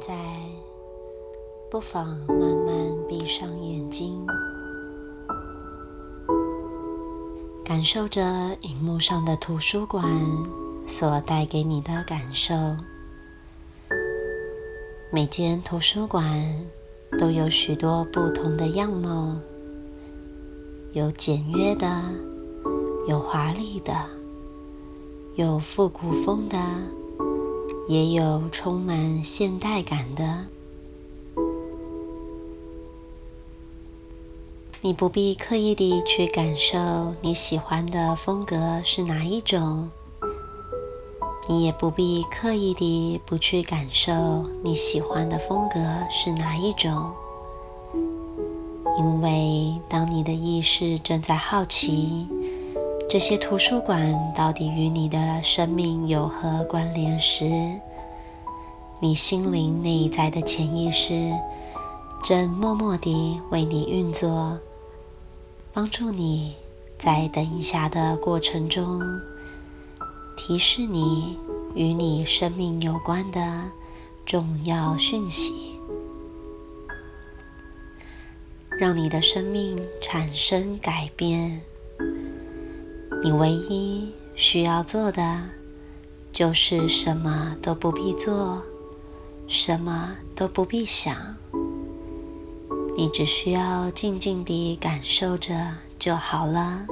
現在，不妨慢慢閉上眼睛，感受着螢幕上的圖書館所帶給你的感受。每間圖書館都有許多不同的樣貌，有簡約的，有華麗的，有復古風的。也有充滿現代感的。你不必刻意的去感受你喜歡的風格是哪一種，你也不必刻意的不去感受你喜歡的風格是哪一種，因為當你的意識正在好奇。這些圖書館到底與你的生命有何關聯時，你心靈內在的潛意識正默默地為你運作，幫助你在等一下的過程中提示你與你生命有關的重要訊息，讓你的生命產生改變。你唯一需要做的就是什麼都不必做，什麼都不必想，你只需要靜靜地感受着就好了。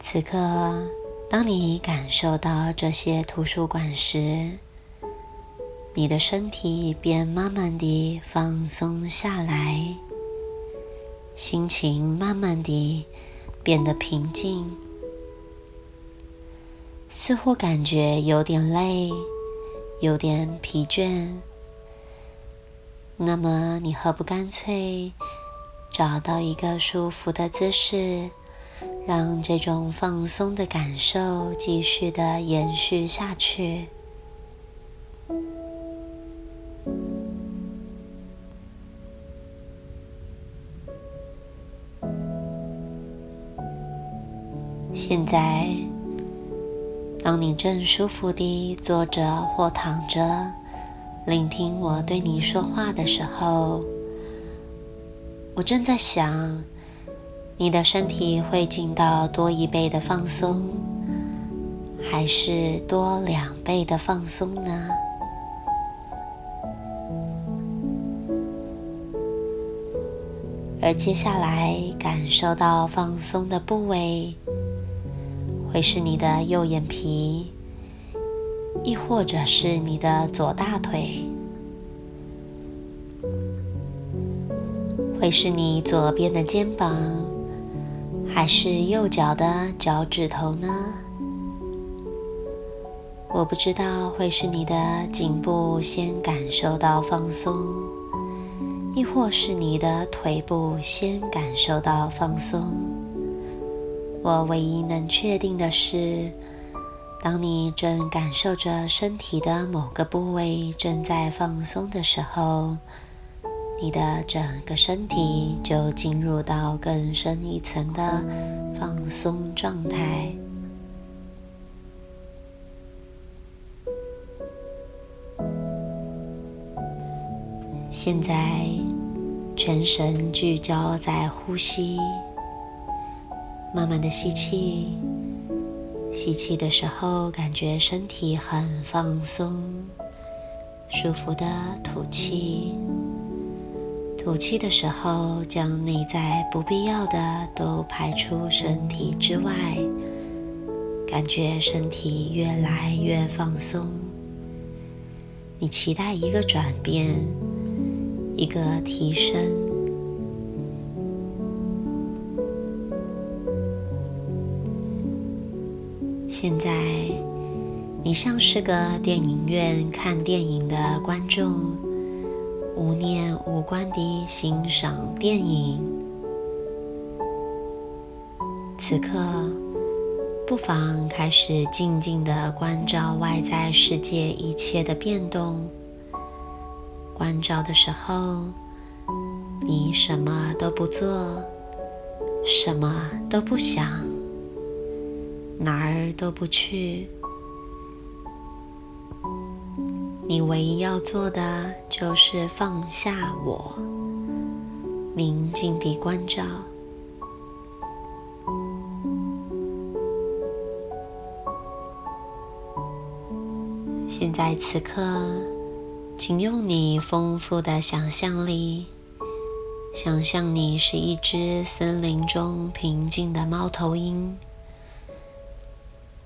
此刻，當你感受到這些圖書館時，你的身體便慢慢地放鬆下來。心情慢慢的變得平靜，似乎感覺有點累，有點疲倦。那麼，你何不乾脆找到一個舒服的姿勢，讓這種放鬆的感受繼續的延續下去。現在，當你正舒服地坐着或躺着，聆聽我對你說話的時候，我正在想，你的身體會進到多一倍的放鬆，還是多兩倍的放鬆呢？而接下來，感受到放鬆的部位。會是你的右眼皮，亦或者是你的左大腿？會是你左邊的肩膀，還是右腳的腳趾頭呢？我不知道，會是你的頸部先感受到放鬆，亦或是你的腿部先感受到放鬆？我唯一能確定的是，當你正感受着身體的某個部位正在放鬆的時候，你的整個身體就進入到更深一層的放鬆狀態。現在，全神聚焦在呼吸。慢慢的吸氣，吸氣的時候感覺身體很放鬆，舒服的吐氣，吐氣的時候將內在不必要的都排出身體之外，感覺身體越來越放鬆。你期待一個轉變，一個提升。現在，你像是個電影院看電影的觀眾，無念無觀的欣賞電影。此刻，不妨開始靜靜的關照外在世界一切的變動。關照的時候，你什麼都不做，什麼都不想。哪兒都不去，你唯一要做的就是放下我，寧靜地關照。現在此刻，請用你豐富的想象力，想象你是一隻森林中平靜的貓頭鷹。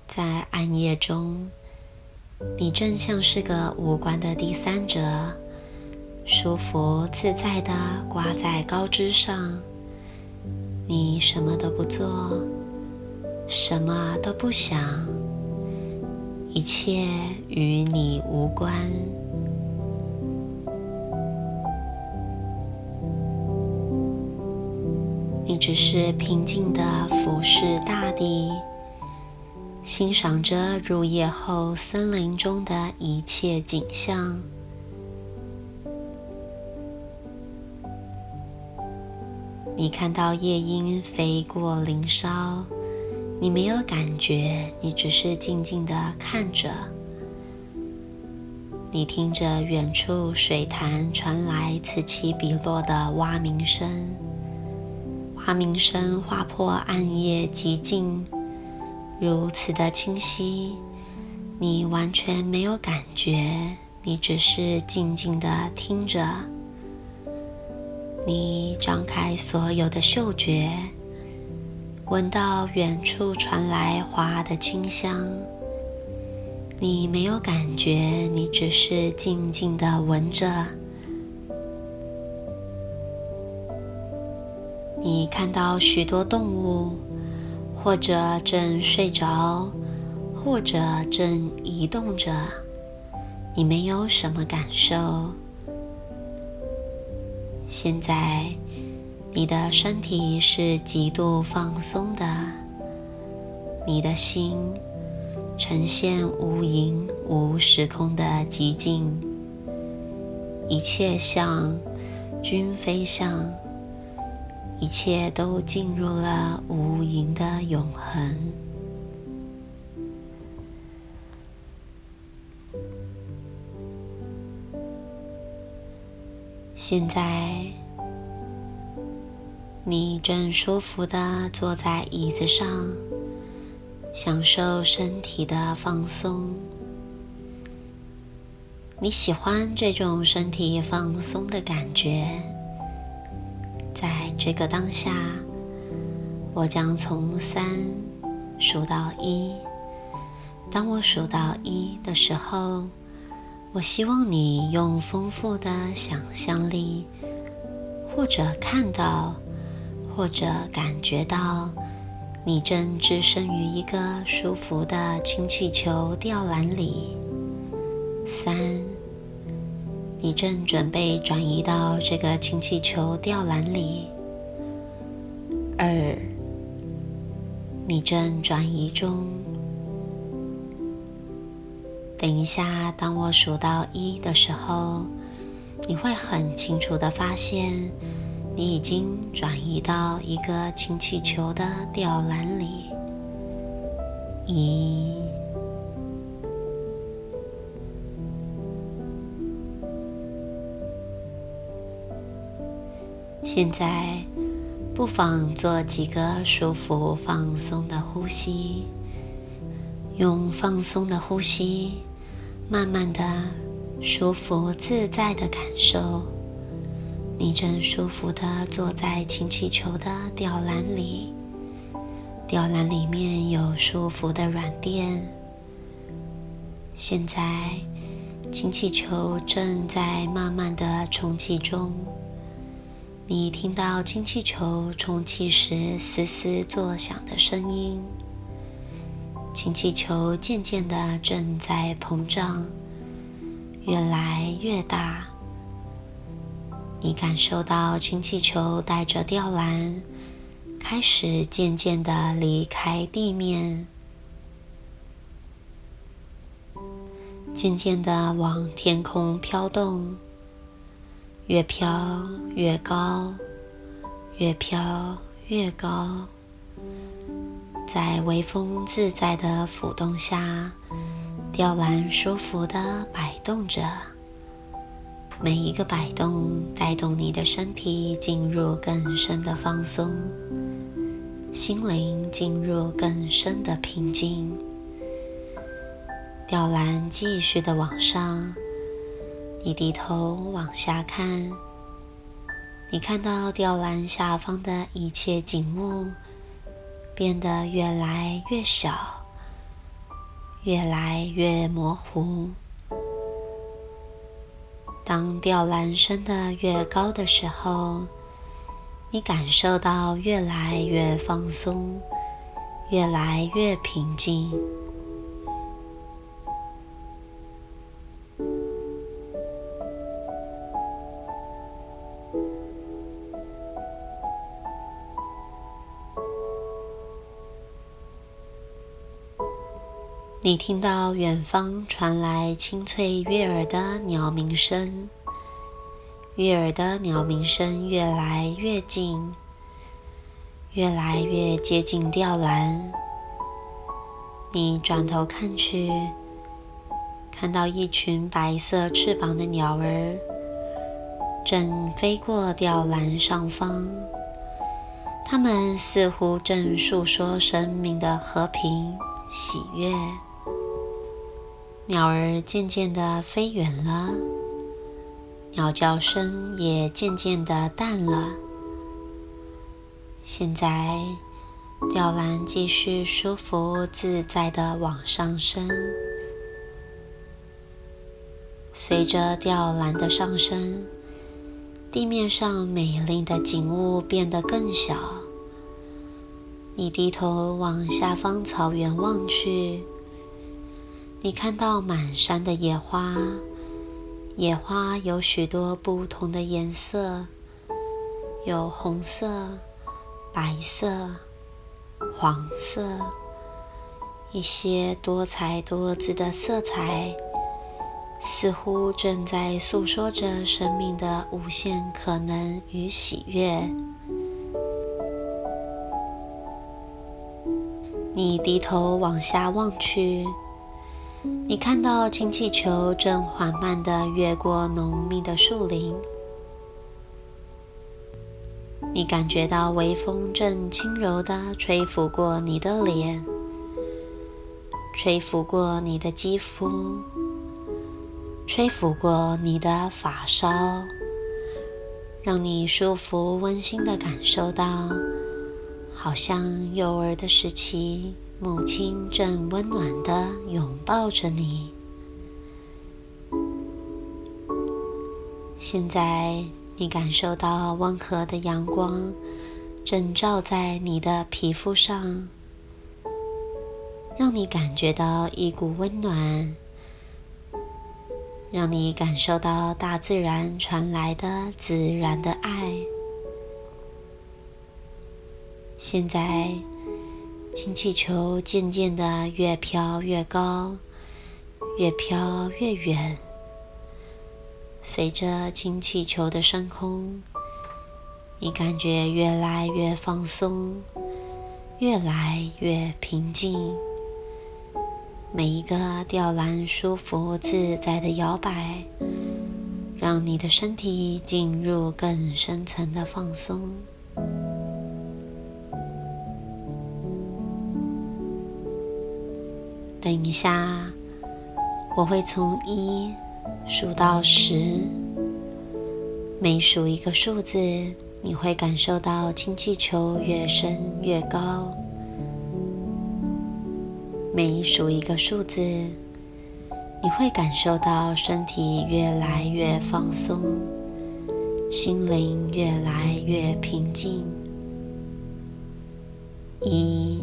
在暗夜中，你正像是個無關的第三者，舒服自在地掛在高枝上。你什麼都不做，什麼都不想，一切與你無關。你只是平靜的俯視大地。欣賞着入夜後森林中的一切景象，你看到夜鶯飛過林梢，你沒有感覺，你只是靜靜的看着。你聽着遠處水潭傳來此起彼落的蛙鳴聲，蛙鳴聲劃破暗夜寂靜。如此的清晰，你完全沒有感覺，你只是靜靜的聽着。你張開所有的嗅覺，聞到遠處傳來花的清香。你沒有感覺，你只是靜靜的聞着。你看到許多動物。或者正睡着，或者正移動着，你沒有什麼感受。現在，你的身體是極度放鬆的，你的心呈現無影無時空的寂靜，一切相均非相。一切都進入了無垠的永恆。現在，你正舒服地坐在椅子上，享受身體的放鬆。你喜歡這種身體放鬆的感覺。在這個當下，我將從三數到一。當我數到一的時候，我希望你用豐富的想象力，或者看到，或者感覺到，你正置身於一個舒服的氫氣球吊籃裡。三。你正準備轉移到這個氫氣球吊籃裡。二，你正轉移中。等一下，當我數到一的時候，你會很清楚的發現，你已經轉移到一個氫氣球的吊籃裡。一。現在，不妨做幾個舒服放鬆的呼吸。用放鬆的呼吸，慢慢的舒服自在的感受。你正舒服地坐在氫氣球的吊籃裡，吊籃裡面有舒服的軟墊。現在，氫氣球正在慢慢的充氣中。你聽到氫氣球充氣時嘶嘶作響的聲音，氫氣球漸漸的正在膨脹，越來越大。你感受到氫氣球帶着吊籃開始漸漸的離開地面，漸漸的往天空飄動。越飄越高，越飄越高，在微風自在的浮動下，吊籃舒服地擺動着。每一個擺動帶動你的身體進入更深的放鬆，心靈進入更深的平靜。吊籃繼續的往上。你低頭往下看，你看到吊籃下方的一切景物變得越來越小，越來越模糊。當吊籃升得越高的時候，你感受到越來越放鬆，越來越平靜。你聽到遠方傳來清脆悅耳的鳥鳴聲，悅耳的鳥鳴聲越來越近，越來越接近吊籃。你轉頭看去，看到一群白色翅膀的鳥兒正飛過吊籃上方，它們似乎正訴說生命的和平喜悅。鳥兒漸漸的飛遠了，鳥叫聲也漸漸的淡了。現在，吊籃繼續舒服自在的往上升。隨着吊籃的上升，地面上美麗的景物變得更小。你低頭往下方草原望去。你看到滿山的野花，野花有許多不同的顏色，有紅色、白色、黃色，一些多彩多姿的色彩，似乎正在訴說着生命的無限可能與喜悅。你低頭往下望去。你看到氫氣球正緩慢地越過濃密的樹林，你感覺到微風正輕柔地吹拂過你的臉，吹拂過你的肌膚，吹拂過你的髮梢，讓你舒服溫馨地感受到，好像幼兒的時期。母親正溫暖的擁抱着你。現在，你感受到溫和的陽光正照在你的皮膚上，讓你感覺到一股溫暖，讓你感受到大自然傳來的自然的愛。現在。氫氣球漸漸的越飄越高，越飄越遠。隨着氫氣球的升空，你感覺越來越放鬆，越來越平靜。每一個吊籃舒服自在的搖擺，讓你的身體進入更深層的放鬆。停一下，我會從一數到十，每數一個數字，你會感受到氫氣球越升越高；每數一個數字，你會感受到身體越來越放鬆，心靈越來越平靜。一。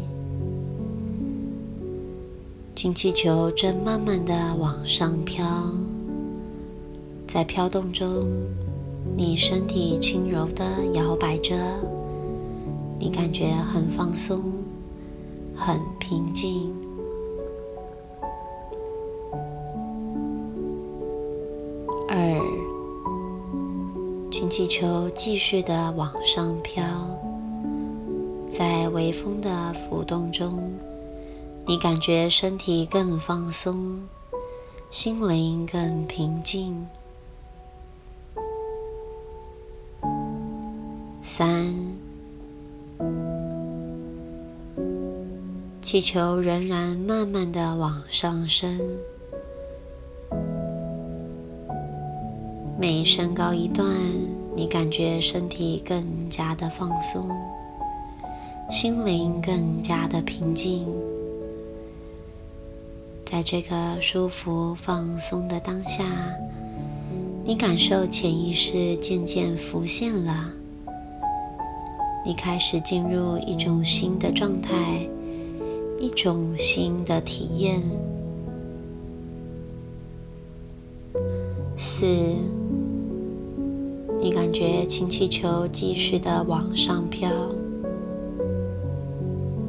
氫氣球正慢慢的往上飄，在飄動中，你身體輕柔的搖擺着，你感覺很放鬆，很平靜。二，氫氣球繼續的往上飄，在微風的浮動中。你感覺身體更放鬆，心靈更平靜。三，氣球仍然慢慢的往上升，每升高一段，你感覺身體更加的放鬆，心靈更加的平靜。在這個舒服放鬆的當下，你感受潛意識漸漸浮現了，你開始進入一種新的狀態，一種新的體驗。四，你感覺氫氣球繼續的往上飄，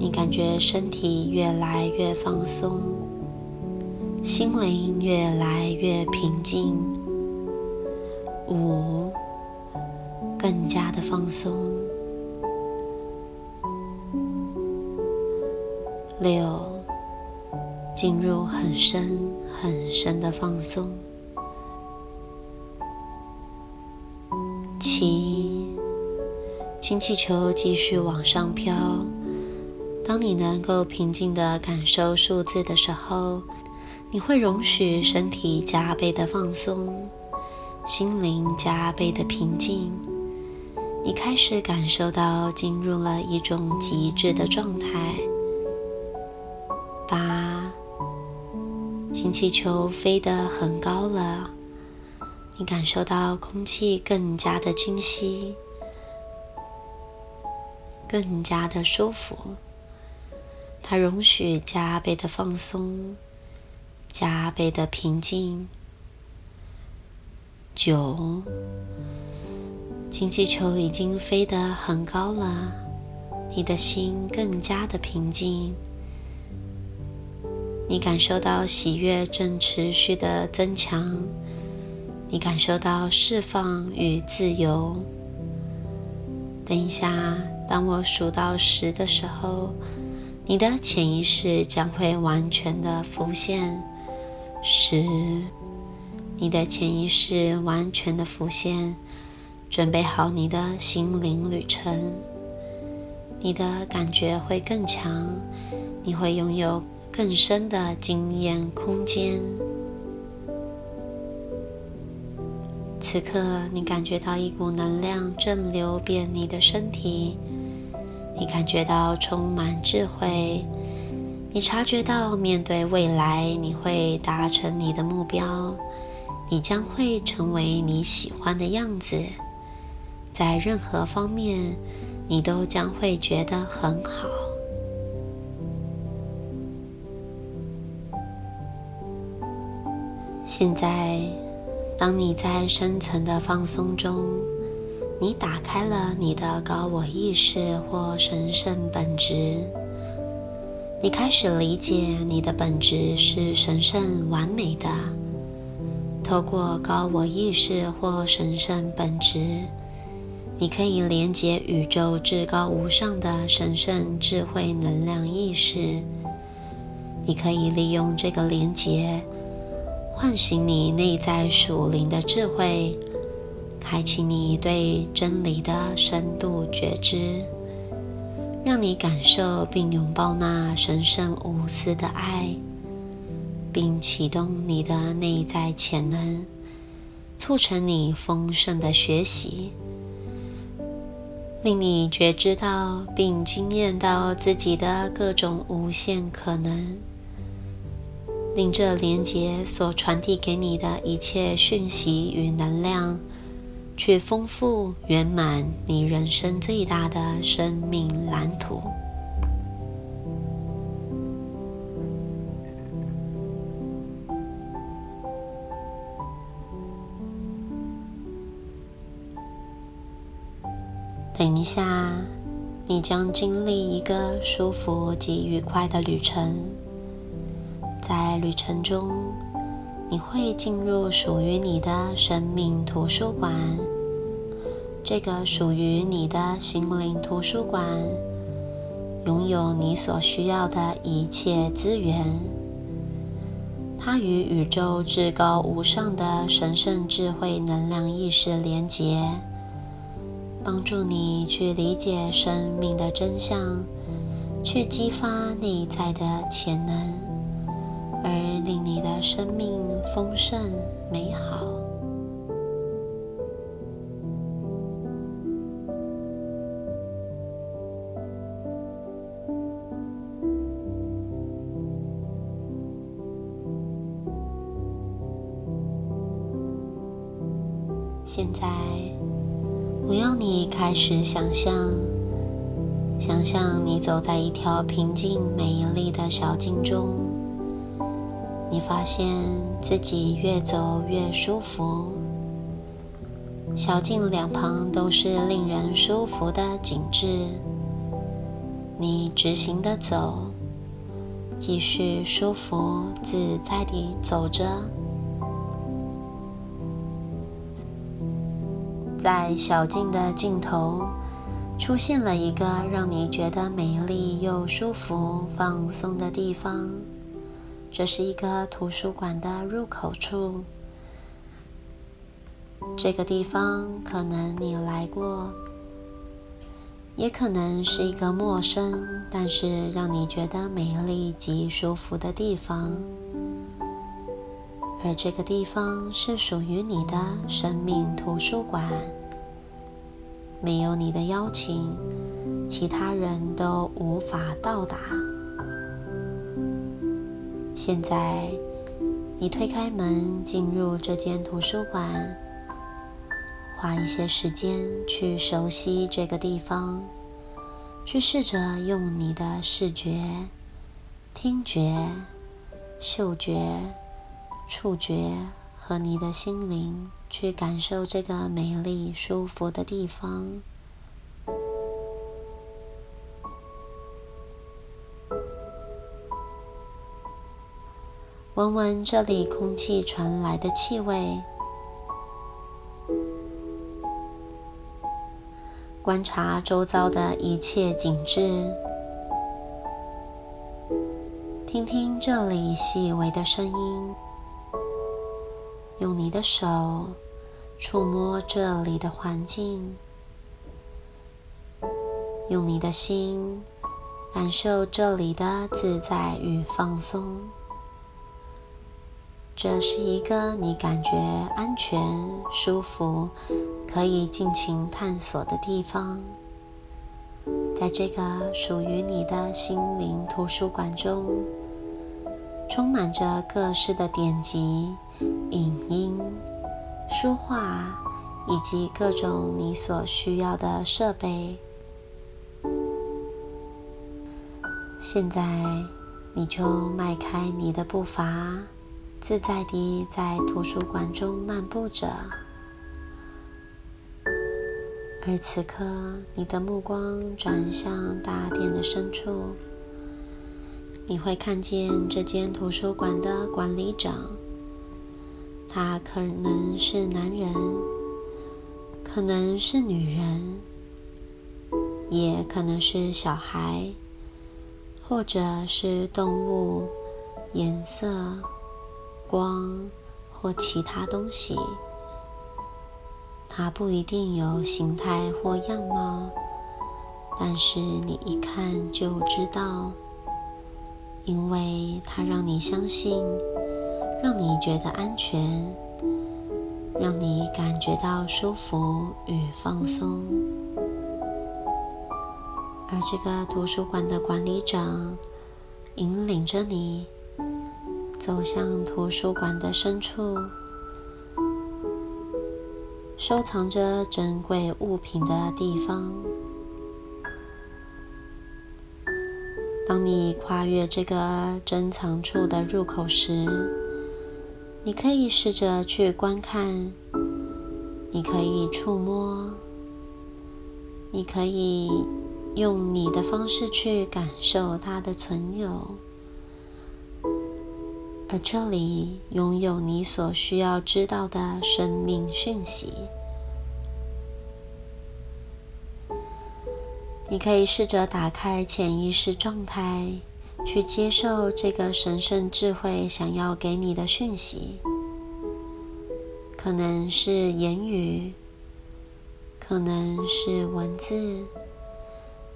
你感覺身體越來越放鬆。心靈越來越平靜，五，更加的放鬆，六，進入很深很深的放鬆，七，氫氣球繼續往上飄。當你能夠平靜的感受數字的時候。你會容許身體加倍的放鬆，心靈加倍的平靜。你開始感受到進入了一種極致的狀態。八，氫氣球飛得很高了，你感受到空氣更加的清晰，更加的舒服。它容許加倍的放鬆。加倍的平靜。九，氫氣球已經飛得很高了，你的心更加的平靜。你感受到喜悅正持續的增強，你感受到釋放與自由。等一下，當我數到十的時候，你的潛意識將會完全的浮現。十，你的潛意識完全的浮現，準備好你的心靈旅程。你的感覺會更強，你會擁有更深的經驗空間。此刻，你感覺到一股能量正流遍你的身體，你感覺到充滿智慧。你察覺到，面對未來，你會達成你的目標，你將會成為你喜歡的樣子，在任何方面，你都將會覺得很好。現在，當你在深層的放鬆中，你打開了你的高我意識或神聖本質。你開始理解，你的本質是神聖完美的。透過高我意識或神聖本質，你可以連接宇宙至高無上的神聖智慧能量意識。你可以利用這個連接，喚醒你內在屬靈的智慧，開啟你對真理的深度覺知。讓你感受並擁抱那神聖無私的愛，並啟動你的內在潛能，促成你豐盛的學習，令你覺知到並經驗到自己的各種無限可能，令這連接所傳遞給你的一切訊息與能量。去豐富圓滿你人生最大的生命藍圖。等一下，你將經歷一個舒服及愉快的旅程，在旅程中，你會進入屬於你的生命圖書館。這個屬於你的心靈圖書館，擁有你所需要的一切資源。它與宇宙至高無上的神聖智慧、能量、意識連結，幫助你去理解生命的真相，去激發內在的潛能，而令你的生命豐盛美好。是想象，想象你走在一條平靜美麗的小徑中，你發現自己越走越舒服。小徑兩旁都是令人舒服的景致，你直行地走，繼續舒服自在地走着。在小徑的盡頭，出現了一個讓你覺得美麗又舒服、放鬆的地方。這是一個圖書館的入口處。這個地方可能你來過，也可能是一個陌生，但是讓你覺得美麗及舒服的地方。而這個地方是屬於你的生命圖書館，沒有你的邀請，其他人都無法到達。現在，你推開門進入這間圖書館，花一些時間去熟悉這個地方，去試着用你的視覺、聽覺、嗅覺。觸覺和你的心靈去感受這個美麗舒服的地方，聞聞這裡空氣傳來的氣味，觀察周遭的一切景緻，聽聽這裡細微的聲音。用你的手觸摸這裡的環境，用你的心感受這裡的自在與放鬆。這是一個你感覺安全、舒服、可以盡情探索的地方。在這個屬於你的心靈圖書館中。充滿着各式的典籍、影音、書畫以及各種你所需要的設備。現在，你就邁開你的步伐，自在地在圖書館中漫步着。而此刻，你的目光轉向大殿的深處。你會看見這間圖書館的管理者，他可能是男人，可能是女人，也可能是小孩，或者是動物、顏色、光或其他東西。他不一定有形態或樣貌，但是你一看就知道。因為它讓你相信，讓你覺得安全，讓你感覺到舒服與放鬆。而這個圖書館的管理者引領着你走向圖書館的深處，收藏着珍貴物品的地方。當你跨越這個珍藏處的入口時，你可以試着去觀看，你可以觸摸，你可以用你的方式去感受它的存有，而這裡擁有你所需要知道的生命訊息。你可以試着打開潛意識狀態，去接受這個神聖智慧想要給你的訊息。可能是言語，可能是文字，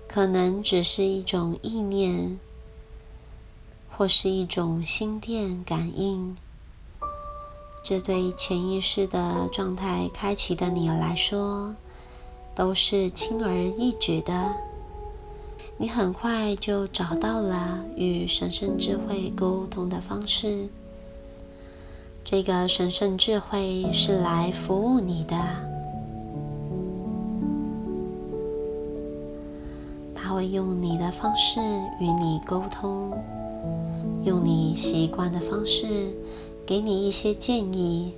可能只是一種意念，或是一種心電感應。這對潛意識的狀態開啟的你來說，都是輕而易舉的。你很快就找到了與神聖智慧溝通的方式。這個神聖智慧是來服務你的，他會用你的方式與你溝通，用你習慣的方式給你一些建議，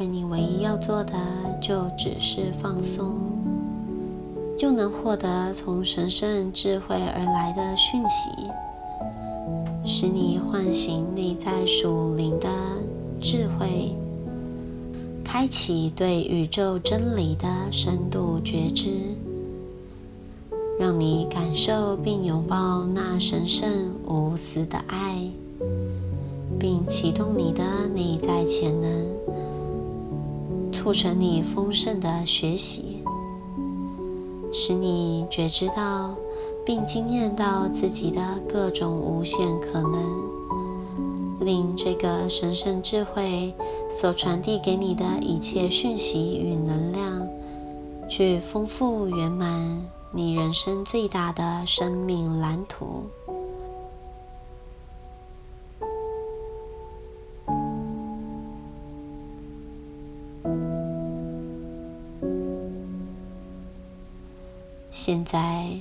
而你唯一要做的就只是放鬆。就能獲得從神聖智慧而來的訊息，使你喚醒內在屬靈的智慧，開啟對宇宙真理的深度覺知，讓你感受並擁抱那神聖無私的愛，並啟動你的內在潛能，促成你豐盛的學習。使你覺知到，並驚艷到自己的各種無限可能，令這個神聖智慧所傳遞給你的一切訊息與能量，去豐富圓滿你人生最大的生命藍圖。現在，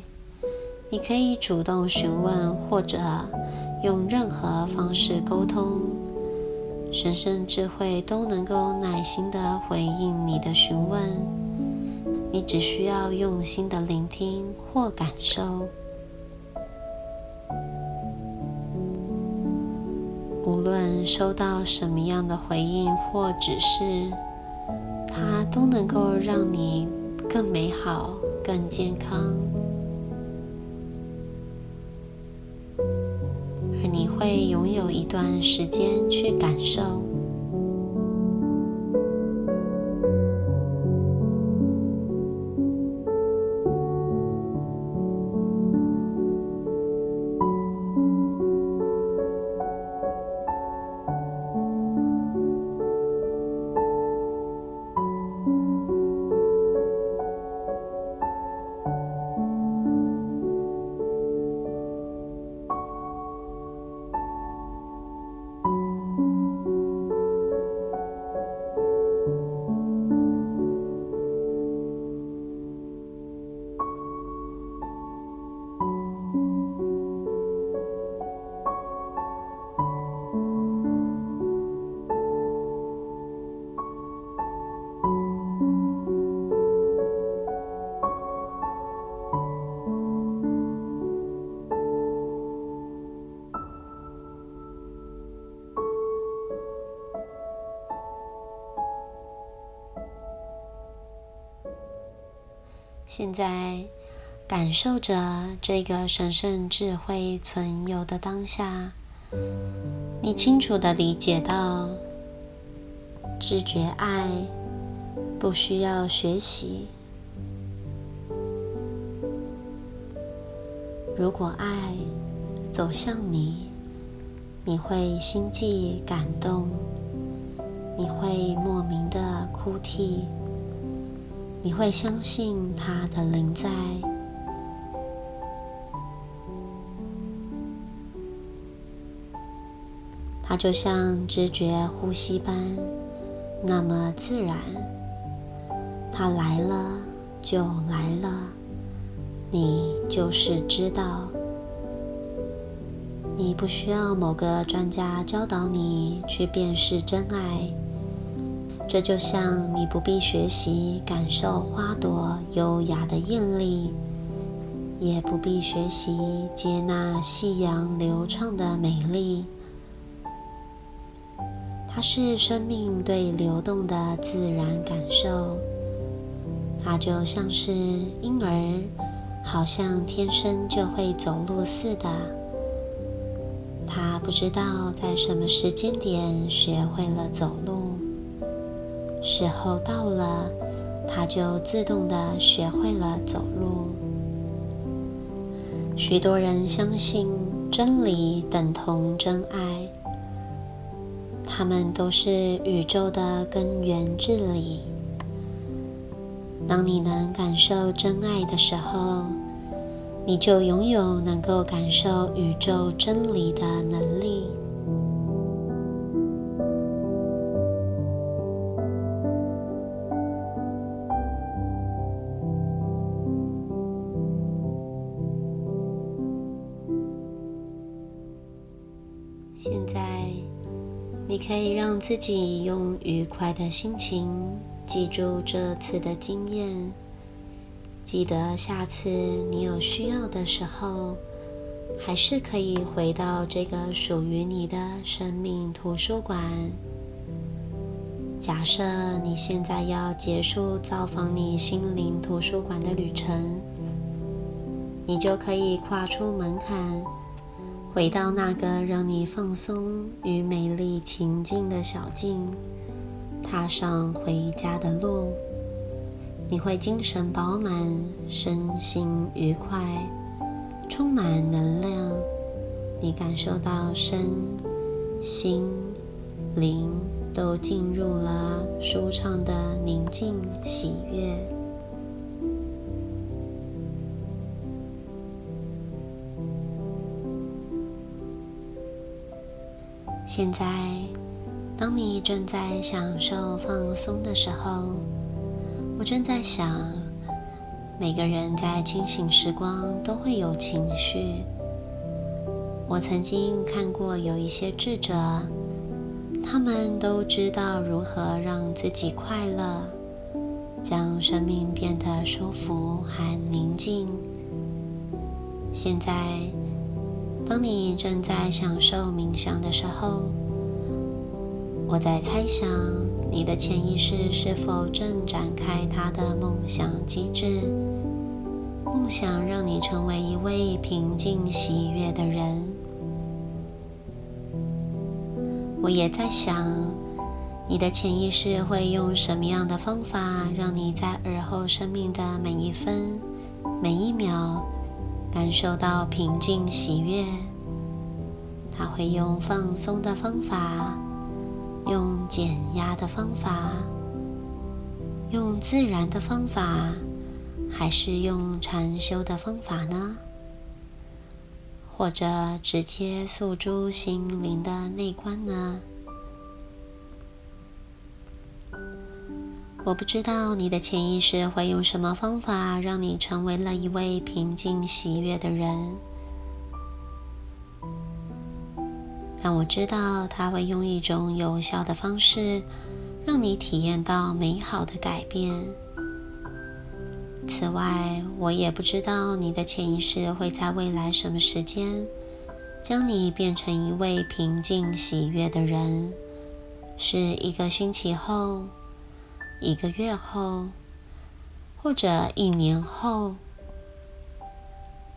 你可以主動詢問，或者用任何方式溝通，神聖智慧都能夠耐心的回應你的詢問。你只需要用心的聆聽或感受，無論收到什麼樣的回應或指示，它都能夠讓你更美好。更健康，而你會擁有一段時間去感受。現在，感受着這個神聖智慧存有的當下，你清楚的理解到，知覺愛不需要學習。如果愛走向你，你會心悸感動，你會莫名的哭泣。你會相信它的靈在，它就像直覺呼吸般那麼自然。它來了就來了，你就是知道。你不需要某個專家教導你去辨識真愛。這就像你不必學習感受花朵優雅的豔麗，也不必學習接納夕陽流暢的美麗。它是生命對流動的自然感受。它就像是嬰兒，好像天生就會走路似的。他不知道在什麼時間點學會了走路。時候到了，他就自動地學會了走路。許多人相信真理等同真愛，他們都是宇宙的根源之理。當你能感受真愛的時候，你就擁有能夠感受宇宙真理的能力。現在，你可以讓自己用愉快的心情記住這次的經驗，記得下次你有需要的時候，還是可以回到這個屬於你的生命圖書館。假設你現在要結束造訪你心靈圖書館的旅程，你就可以跨出門檻。回到那個讓你放鬆與美麗情境的小徑，踏上回家的路，你會精神飽滿，身心愉快，充滿能量。你感受到身、心、靈都進入了舒暢的寧靜喜悅。現在，當你正在享受放鬆的時候，我正在想，每個人在清醒時光都會有情緒。我曾經看過有一些智者，他們都知道如何讓自己快樂，將生命變得舒服和寧靜。現在，當你正在享受冥想的時候，我在猜想你的潛意識是否正展開它的夢想機制，夢想讓你成為一位平靜喜悅的人。我也在想，你的潛意識會用什麼樣的方法讓你在爾後生命的每一分、每一秒。感受到平靜喜悅，他會用放鬆的方法，用減壓的方法，用自然的方法，還是用禪修的方法呢？或者直接訴諸心靈的內觀呢？我不知道你的潛意識會用什麼方法讓你成為了一位平靜喜悅的人，但我知道他會用一種有效的方式讓你體驗到美好的改變。此外，我也不知道你的潛意識會在未來什麼時間將你變成一位平靜喜悅的人，是一個星期後。一個月後，或者一年後，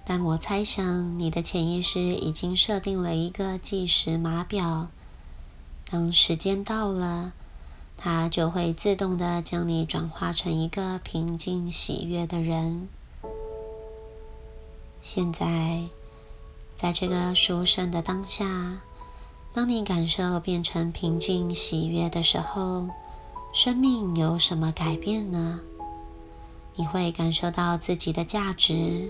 但我猜想你的潛意識已經設定了一個計時碼錶，當時間到了，它就會自動的將你轉化成一個平靜喜悅的人。現在，在這個殊勝的當下，當你感受變成平靜喜悅的時候。生命有什麼改變呢？你會感受到自己的價值，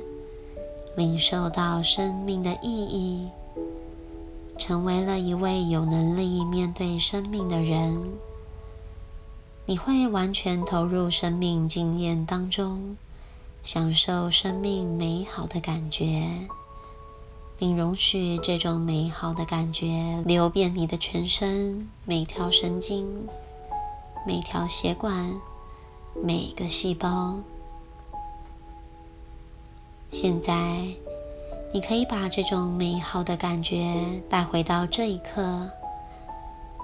領受到生命的意義，成為了一位有能力面對生命的人。你會完全投入生命經驗當中，享受生命美好的感覺，並容許這種美好的感覺流遍你的全身，每條神經。每條血管，每個細胞。現在，你可以把這種美好的感覺帶回到這一刻，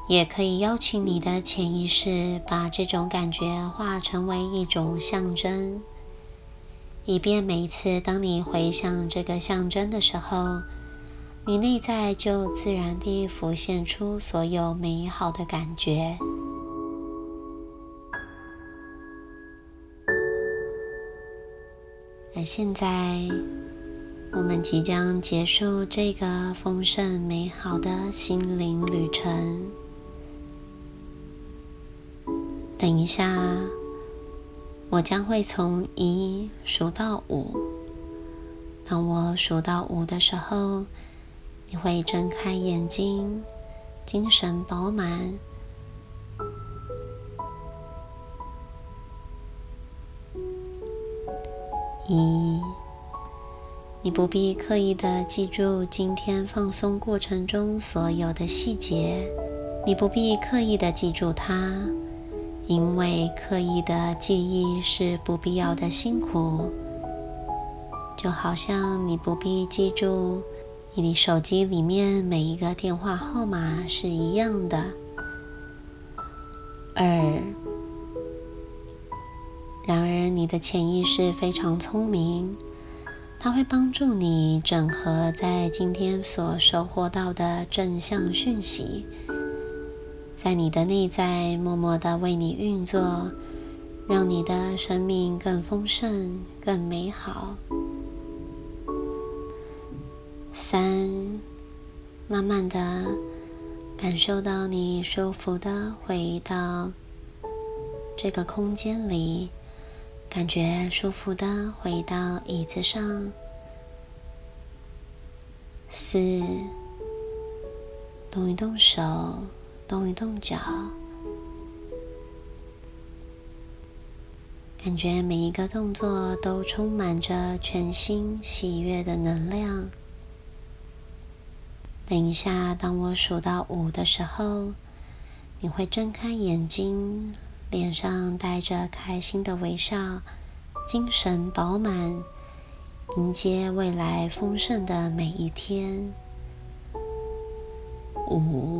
也可以邀請你的潛意識把這種感覺化成為一種象徵，以便每一次當你回想這個象徵的時候，你內在就自然地浮現出所有美好的感覺。現在，我們即將結束這個豐盛美好的心靈旅程。等一下，我將會從一數到五。當我數到五的時候，你會睜開眼睛，精神飽滿。一，你不必刻意的記住今天放鬆過程中所有的細節，你不必刻意的記住它，因為刻意的記憶是不必要的辛苦，就好像你不必記住你的手機裡面每一個電話號碼是一樣的。二。然而，你的潛意識非常聰明，它會幫助你整合在今天所收穫到的正向訊息，在你的內在默默的為你運作，讓你的生命更豐盛、更美好。三，慢慢的感受到你舒服的回到這個空間裡。感覺舒服的回到椅子上，四，動一動手，動一動腳，感覺每一個動作都充滿着全新喜悅的能量。等一下，當我數到五的時候，你會睜開眼睛。臉上帶着開心的微笑，精神飽滿，迎接未來豐盛的每一天。五。哦。